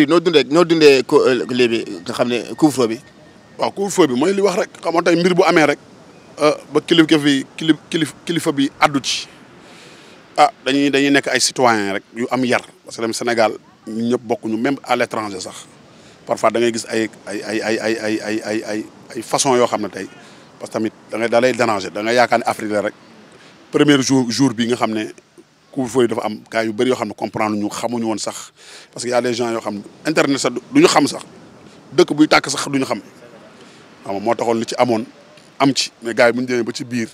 écrit noo dundee noo dundee ko euh, léegi nga xam ne couvre-feu bi. bi mooy li wax rek xam nga tey mbir bu amee rek euh, ba kilifa bi kilif kilifa bi addu ci ah dañuy nekk ay citoyen rek yu am yar parce que dem Sénégal ñun ñëpp bokkuñu même à l'étranger sax parfois da ngay gis ay ay ay ay ay ay ay ay ay ay façon yoo xam ne tey parce que tamit da ngay da lay déranger da nga ne Afrique la rek premier jour jour bi nga xam ne. couvre-feu dafa am gars yu bëri yoo xam ne comprendre ñu xamuñu woon sax parce que y a des gens yoo xam ne internet sax du ñu xam sax dëkk buy tàkk sax du ñu xam waaw moo taxoon li ci amoon am ci mais gars yi bu ñu demee ba ci biir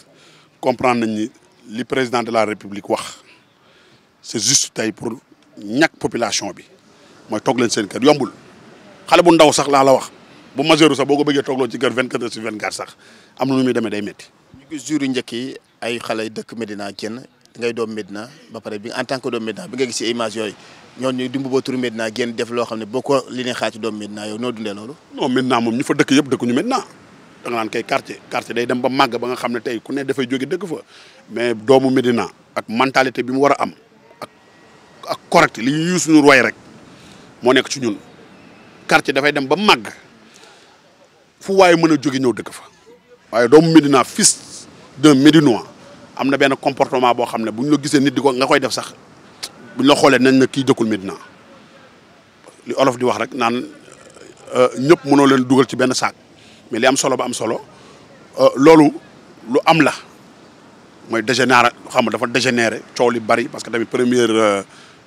comprendre nañ ni li président de la république wax c'est juste tey pour ñàkk population bi mooy toog leen seen kër yombul xale bu ndaw sax laa la wax bu majeuru sax boo ko bëggee toogloo ci kër 24 heures sur 24 sax am na nu muy demee day métti. ñu gis njëkk yi ay xale dëkk Medina génn ngay doom Médina ba pare bi en tant que doom Médina bi nga gisee image yooyu ñooñu di mbubboo turu Médina génn def loo xam ne boo ko li ne xaaj doom Médina yow noo dundee loolu. non Médina moom ñu fa dëkk yëpp dëkkuñu Médina da nga naan kay quartier quartier day dem ba màgg ba nga xam ne tey ku ne dafay jóge dëkk fa mais doomu Médina ak mentalité bi mu war a am ak ak correct li ñu Youssou Ndour way rek moo nekk ci ñun quartier dafay dem ba màgg fu waaye mën a jóge ñëw dëkk fa waaye doomu Médina fis d'un Médinois am na benn comportement boo xam ne bu ñu la gisee nit di ko nga koy def sax bu ñu la xoolee nañ na kii dëkkul Médina li olof di wax rek naan euh, ñëpp mënoo leen dugal ci benn saak mais li am solo ba am solo euh, loolu lu am la mooy dégénéra xam nga dafa dégénéré coow li bari parce que tamit première euh,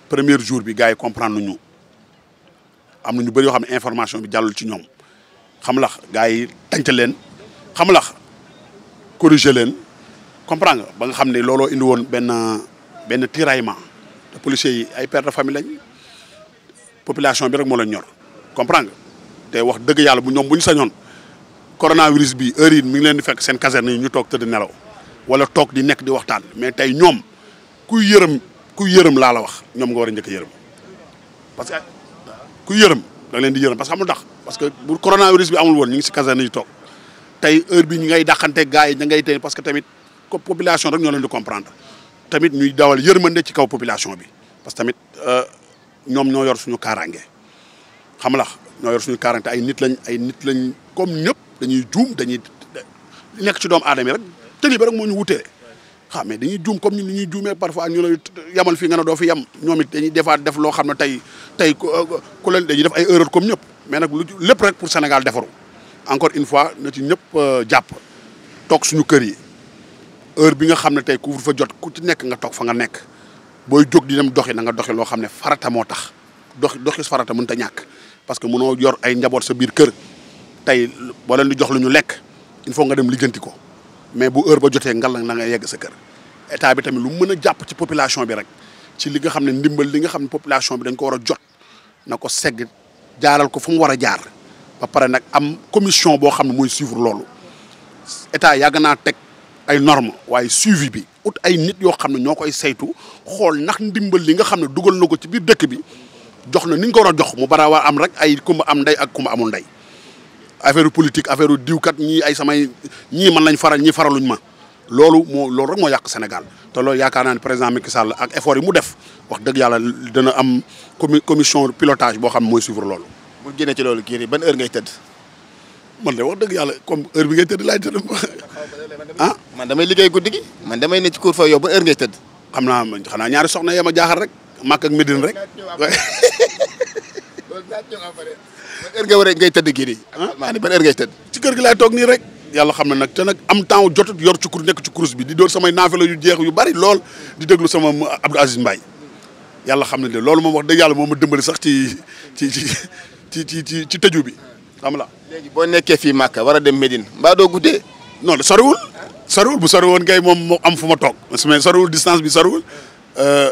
premier jour bi gars yi comprendre ñu am na ñu bëri yoo xam ne information bi jàllul ci ñoom xam lax gars yi tànc leen xam lax corriger leen. comprendre nga ba nga xam ne looloo indi woon benn benn tiraillement te policiers yi ay per de famille lañ population bi rek moo leen ñor comprendre nga te wax dëgg yàlla bu ñoom bu ñu sañoon coronavirus bi heure yi mi ngi leen di fekk seen caserne yi ñu toog tëdd nelaw wala toog di nekk di waxtaan mais tey ñoom kuy yërëm kuy yërëm laa la wax ñoom nga war a njëkk yërëm parce que kuy yërëm da leen di yërëm parce que amul tax parce que bu coronavirus bi amul woon ñu ngi si caserne yi toog bi ñu ngay dàqante gars yi ña ngay tey parce que tamit population rek ñoo leen di tamit ñuy dawal yërmande ci kaw population bi parce que tamit euh, ñoom ñoo yor suñu kaaraange xam la ñoo yor suñu kaaraange ay nit lañ ay nit lañ comme ñëpp dañuy juum dañuy nekk ci doomu aadama rek tëli rek moo ñu wutee xam mais dañuy juum comme ñun ni ñuy juumee parfois ñu lay yamal fii nga ne doo fi yam ñoomit it dañuy defaat def loo xam ne tey tey ku euh, leen def ay erreur comme ñëpp mais nag lu lépp rek pour Sénégal defaru encore une fois na ci ñëpp euh, jàpp toog suñu kër yi heure bi nga xam ne tey couvre-feu jot ku ci nekk nga toog fa nga nekk booy jóg di dem doxi nanga nga doxi loo xam ne farata moo tax doxi doxi farata mënut a ñàkk parce que mënoo yor ay njaboot sa biir kër tey boo leen di jox lu ñu lekk il faut nga dem lijjanti ko mais bu heure ba jotee ngal na nga yegg sa kër état bi tamit lu mën a jàpp ci population bi rek ci li nga xam ne ndimbal li nga xam ne population bi dañ ko war a jot na ko segg jaaral ko fu mu war a jaar ba pare nag am commission boo xam ne mooy suivre loolu ay normes waaye suivi bi ut ay nit yoo xam ne ñoo koy saytu xool ndax ndimbal li nga xam ne dugal na ko ci biir dëkk bi jox na ni nga ko war a jox mu bara war am rek ay kumba am ndey ak kumba amul ndey affaire politique affaire diwkat ñii ay samay ñii man lañ faral ñii faraluñ ma loolu moo loolu moo yàq Sénégal te loolu yaakaar naa ne président Macky Sall ak effort yi mu def wax dëgg yàlla dana am commi commission pilotage boo xam ne mooy suivre loolu. bu génnee ci loolu kii ban heure ngay tëdd. man de wax dëgg yàlla comme heure bi ngay tëdd laay tëdd ah? man damay liggéey guddi gi man damay ne ci cour fa yow ba heure ngay tëdd. xam naa man xanaa ñaari soxna yee ma jaaxal rek Makka ak Médine rek. ban heure nga war a ngay tëdd kii nii. maa ne ban heure ci kër gi laay toog nii rek. yàlla xam na nag te nag am temps jotut yor ci nekk ci kurus bi di door samay naafela yu jeex yu bari lool di déglu sama Abdou Aziz mbaay yàlla xam na de loolu moom wax dëgg yàlla moom ma dëmbali sax ci ci ci ci ci ci tëju bi xam la léegi boo nekkee fii Màkka war a dem Médine mbaa doo guddee. non sarul bu sarul woon kay moom moo am fu ma toog mais sarul distance bi sarul euh,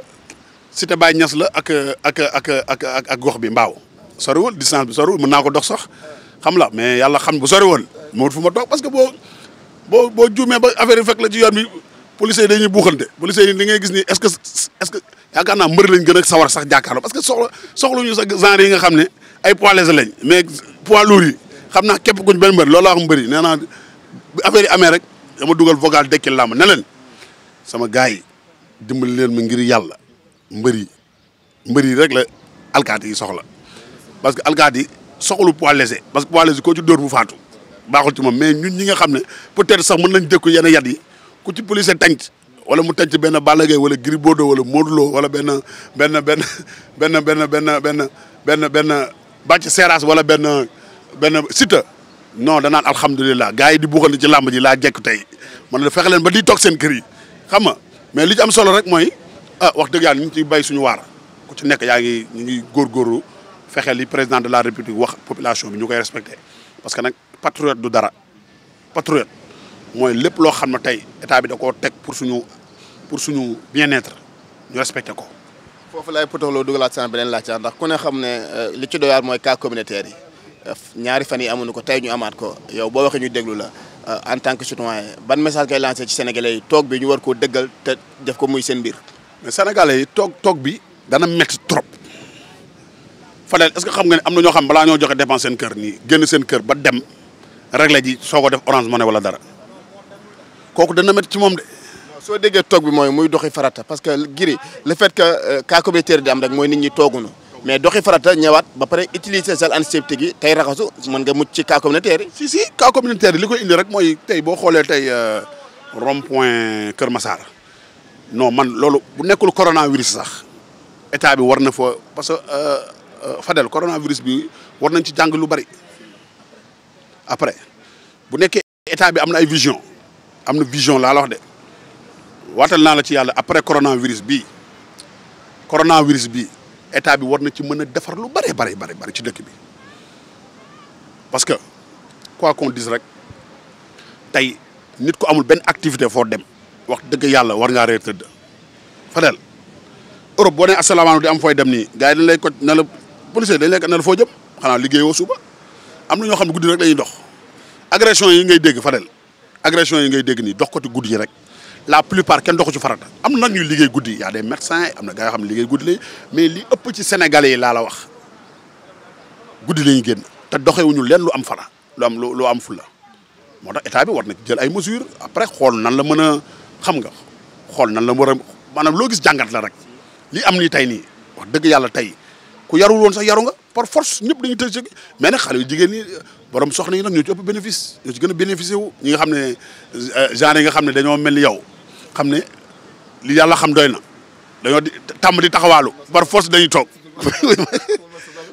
Cité Baye Niass la ak ak ak ak ak gox bi mbaaw sarul distance bi sarul mën naa ko dox sax xam la mais yàlla xam bu sori woon moo fu ma toog parce que boo boo boo juumee ba affaire yi fekk la ci yoon bi policiers yi dañuy buuxante policiers yi li gis ni est-ce que est-ce que yaakaar mbër lañ gën a sawar sax jàkkaarloo parce que soxla soxluñu sax genre yi nga xam ne ay poids légers lañ mais poids lourds yi xam naa képp kuñ benn mbër loolu la wax mbëri nee naa affaire yi amee rek dama dugal vocal dekki lama ne sama gars yi dimbali leen ma ngir yàlla mbër yi mbër yi rek la alkaati yi soxla parce que alkaati yi soxlu poids léger parce que poids léger koo ci dóor mu faatu baaxul ci moom mais ñun ñi nga xam ne peut-être sax mën nañ dëkku yenn yat yi ku ci police tànc wala mu tànc benn Balla Gaye wala Gris Bordeaux wala Modou Lo wala benn benn benn benn benn benn benn benn benn bàcc seeraas wala benn benn Siteu non danaan alhamdulilah gars yi di buuxante ci làmb ji laa jekk tey man la fexe leen ba di toog seen kër yi mais li ci am solo rek mooy ah wax dëgg yàlla ñu ciy bay suñu waar ku ci nekk yaa ngi ñu ngi góorgóorlu fexe li président de la république wax population bi ñu koy respecté parce que nag patriote du dara patriote mooy lépp loo xam ne tey état bi da ko teg pour suñu pour suñu bien-être ñu respecté ko. foofu lay potoxloo dugalaat sama beneen laaj ndax ku ne xam ne euh, li ci doyaar mooy cas communautaire yi. ñaari fan yi amuñu ko tey ñu amaat ko yow boo waxee ñu déglu la euh, en tant que citoyen ban message ngay lancé ci sénégalais yi toog bi ñu war koo dëggal te def ko muy seen mbir. mais yi toog toog bi dana métti trop Fadel est que xam nga ne am na ñoo xam balaa ñoo joxe dépense seen kër nii génn seen kër ba dem réglé ji soo ko def orange money wala dara kooku dana métti ci moom de. soo déggee toog bi mooy muy doxi farata parce que giri le fait que euh, cas communautaire di am mooy nit ñi tooguñu. mais doxi farata ñëwaat ba pare utiliser sel antiseptique yi tey raxasu man nga mucc ci ka communautaire yi. si si cas communautaire yi li koy indi rek mooy tey boo xoolee tey euh, rond point Kër Massar non man loolu bu nekkul coronavirus sax état bi war na fa parce que euh, euh, Fadel coronavirus bi war nañ ci jàng lu bari après bu nekkee état bi am na ay vision am na vision laa la wax de waatal naa la ci yàlla après coronavirus bii coronavirus bi état bi war na ci mën a defar lu bare bare bare bare ci dëkk bi parce que quoi qu'on dise rek tey nit ku amul benn activité foo dem wax dëgg yàlla war ngaa reer tëdd Fadel Europe boo nee asalaamaaleykum di am fooy dem nii gars yi dañ lay ko ne la policier dañ lay ko foo jëm xanaa liggéeyoo suba am na ñoo xam ne guddi rek la ñuy dox agression yi ngay dégg Fadel agression yi ngay dégg nii dox ko guddi yi rek la plupart kenn doxu ci farata am na nag ñuy liggéey guddi y a des médecins am na gars xam ne liggéey guddi lañ mais li ëpp ci sénégalais yi laa wax guddi lañu génn te doxewuñu leen lu am fara lu am lu am fulla moo tax état bi war na jël ay mesures après xool nan la mën a xam nga xool nan la war a maanaam loo gis jàngat la rek li am nii tey nii wax dëgg yàlla tey ku yarul woon sax yaru nga par force ñëpp dañuy tëj ci mais nag xale yu jigéen ñi borom soxna yi nag ñoo ci bénéfice ñoo ci a bénéficié wu ñi nga xam ne genre yi nga xam ne dañoo mel ni yow xam ne li yàlla xam doy na dañoo di tàmm di taxawaalu par force dañuy toog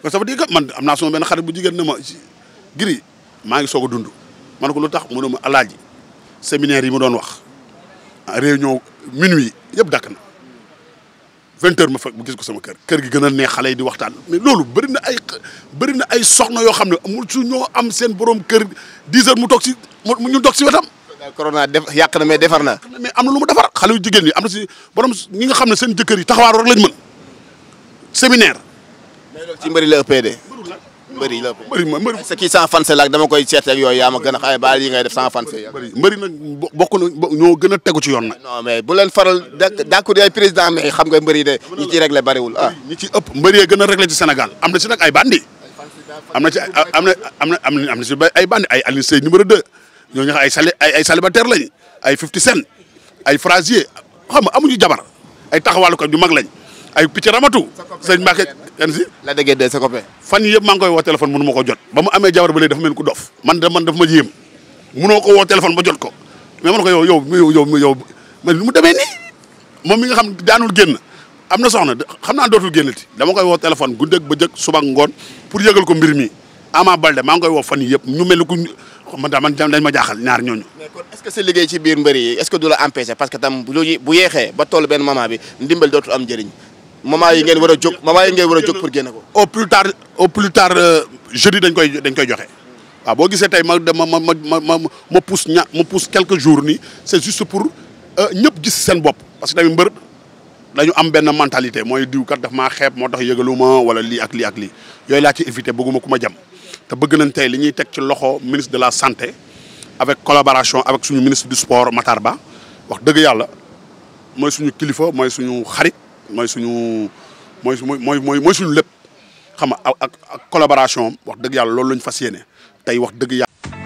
kon ça veut dire am naa sama benn xarit bu jigéen ne ma Gris maa ngi soog a dund ma ne ko lu tax mu ne ma alaaji séminaire yi mu doon wax réunion minuit yëpp dakk na vingt ma fekk gis ko sama kër kër gi gën a neex xale yi di waxtaan mais loolu bëri na ay bëri na ay soxna yoo xam ne amul su ñoo am seen borom kër dix heures mu toog si mu ñu toog si wetam corona def yàq na mais defar na. mais am na lu mu defar xale yu jigéen ñi am na si borom ñi nga xam ne seen jëkkër yi taxawaar rek lañ mën séminaire. mais loolu la ëppee de. mbëri la ëppee mbëri ma mbëri. parce que kii dama koy seet ak yooyu yaa ma gën a xaye baal yi ngay def sans fanse. mbëri nag bokk na ñoo gën a tegu ci yoon nag. mais bu leen faral d'accord yaay président mais xam nga mbëri de ñi ci réglé bariwul ah. ñi ci ëpp mbëri yee gën a réglé ci Sénégal am na si nag ay bandi am na ci am na am na am na si ay bandi ay Alioune Seye numéro 2 ñoo ñax ay sali ay ay célibataire lañu ay fifty cent ay fraisier xam nga amuñu jabar ay taxawaalu ko ñu mag lañ ay picc ramatu. sëñ Mbacke kenn si. la déggee de sa copain. fan yii yëpp maa koy woo téléphone mënu ma ko jot. ba mu amee jabar ba léegi dafa dof. man man ma yéem mënoo ko woo téléphone ba jot ko mais man ko yow yow yow yow man mu demee nii moom mi nga xam daanul génn am na soxna xam naa dootul génnati dama koy woo téléphone guddeeg bëccëg suba ngoon pour yëgal ko mbir mi Ama Balde maa ngi koy woo fan yii yëpp ñu mel ni ku man daal man dañ ma jaaxal ñaar ñooñu. mais kon est-ce que sa liggéey ci biir mbër yi est-ce que du la empêcher parce que tam bu bu yeexee ba toll benn moment bi ndimbal dootul am njëriñ moment yi ngeen war a jóg moment yi ngeen war a jóg pour génne ko. au plus tard au plus euh, dañ koy dañ koy joxe. waaw boo gisee tey ma ma ma ma ma ma pousse ña ma pousse quelques jour nii c'est juste pour euh, ñëpp gis seen bopp parce que tamit mbër dañu am benn mentalité mooy diw kat daf ma xeeb moo tax yëgaluma wala lii ak lii ak li yooyu laa ci éviter bëgguma ku ma jam te bëgg nañ tey li ñuy teg ci loxo ministre de la santé avec collaboration avec suñu ministre du sport Matar Ba wax dëgg yàlla mooy suñu kilifa mooy suñu xarit mooy suñu mooy mooy mooy mooy suñu lépp xam nga ak ak collaboration wax dëgg yàlla loolu lañu fas yéene tey wax dëgg yàlla.